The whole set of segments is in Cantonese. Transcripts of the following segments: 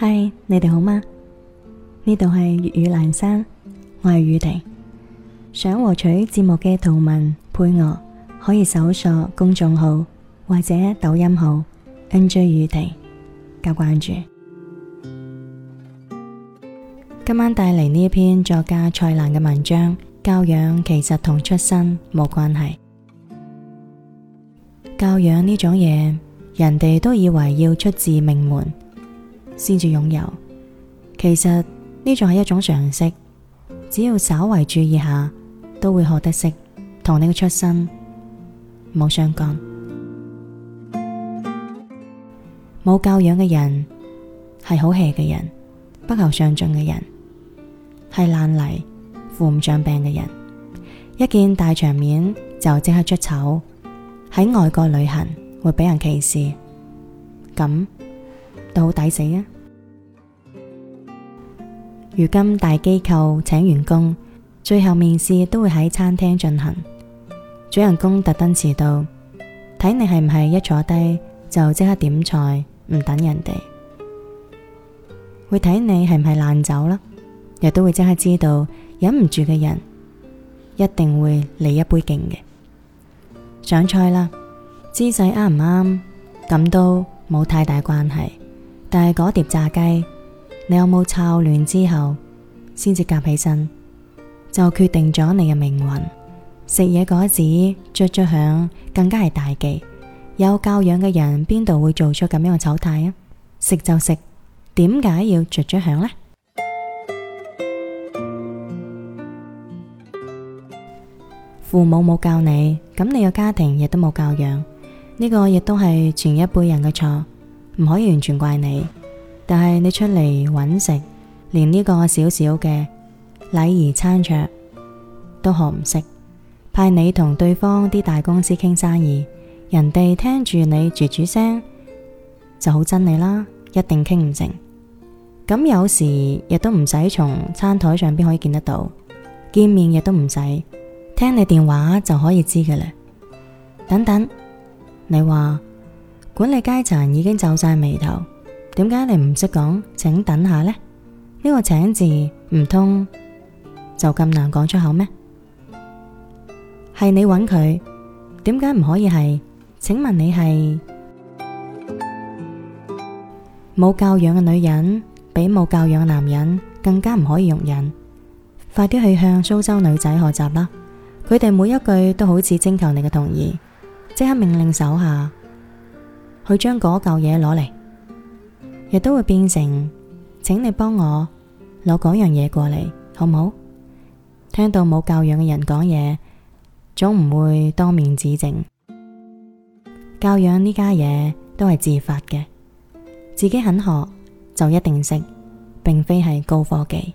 嗨，Hi, 你哋好嗎？呢度係粵語闌珊，我係宇婷。想獲取節目嘅圖文配樂，可以搜索公眾號或者抖音號 NJ 宇婷加關注。今晚帶嚟呢一篇作家蔡瀾嘅文章，教養其實同出身冇關係。教養呢種嘢，人哋都以為要出自名門。先至擁有，其實呢種係一種常識，只要稍為注意下，都會學得識。同你嘅出身冇相干，冇教養嘅人係好氣嘅人，不求上進嘅人係爛泥，扶唔上壁嘅人，一見大場面就即刻出醜，喺外國旅行會俾人歧視，咁都好抵死啊！如今大機構請員工，最後面試都會喺餐廳進行。主人公特登遲到，睇你係唔係一坐低就即刻點菜，唔等人哋。會睇你係唔係爛酒啦，亦都會即刻知道忍唔住嘅人，一定會嚟一杯勁嘅。上菜啦，姿勢啱唔啱咁都冇太大關係，但係嗰碟炸雞。你有冇炒亂之後先至夾起身，就決定咗你嘅命運。食嘢嗰時，嘖嘖響，更加係大忌。有教養嘅人邊度會做出咁樣嘅醜態啊？食就食，點解要嘖嘖響呢？ 父母冇教你，咁你個家庭亦都冇教養，呢、這個亦都係上一輩人嘅錯，唔可以完全怪你。但係你出嚟揾食，連呢個小小嘅禮儀餐桌都學唔識，派你同對方啲大公司傾生意，人哋聽住你住住聲就好憎你啦，一定傾唔成。咁有時亦都唔使從餐台上邊可以見得到，見面亦都唔使聽你電話就可以知嘅啦。等等，你話管理階層已經皺晒眉頭。點解你唔識講？請等下呢。呢個請字唔通就咁難講出口咩？係你揾佢，點解唔可以係？請問你係冇教養嘅女人，比冇教養嘅男人更加唔可以容忍。快啲去向蘇州女仔學習啦！佢哋每一句都好似徵求你嘅同意，即刻命令手下去將嗰嚿嘢攞嚟。亦都會變成，請你幫我攞嗰樣嘢過嚟，好唔好？聽到冇教養嘅人講嘢，總唔會當面指正。教養呢家嘢都係自發嘅，自己肯學就一定識，並非係高科技。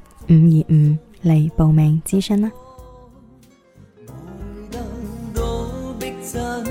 五二五嚟報名咨詢啦！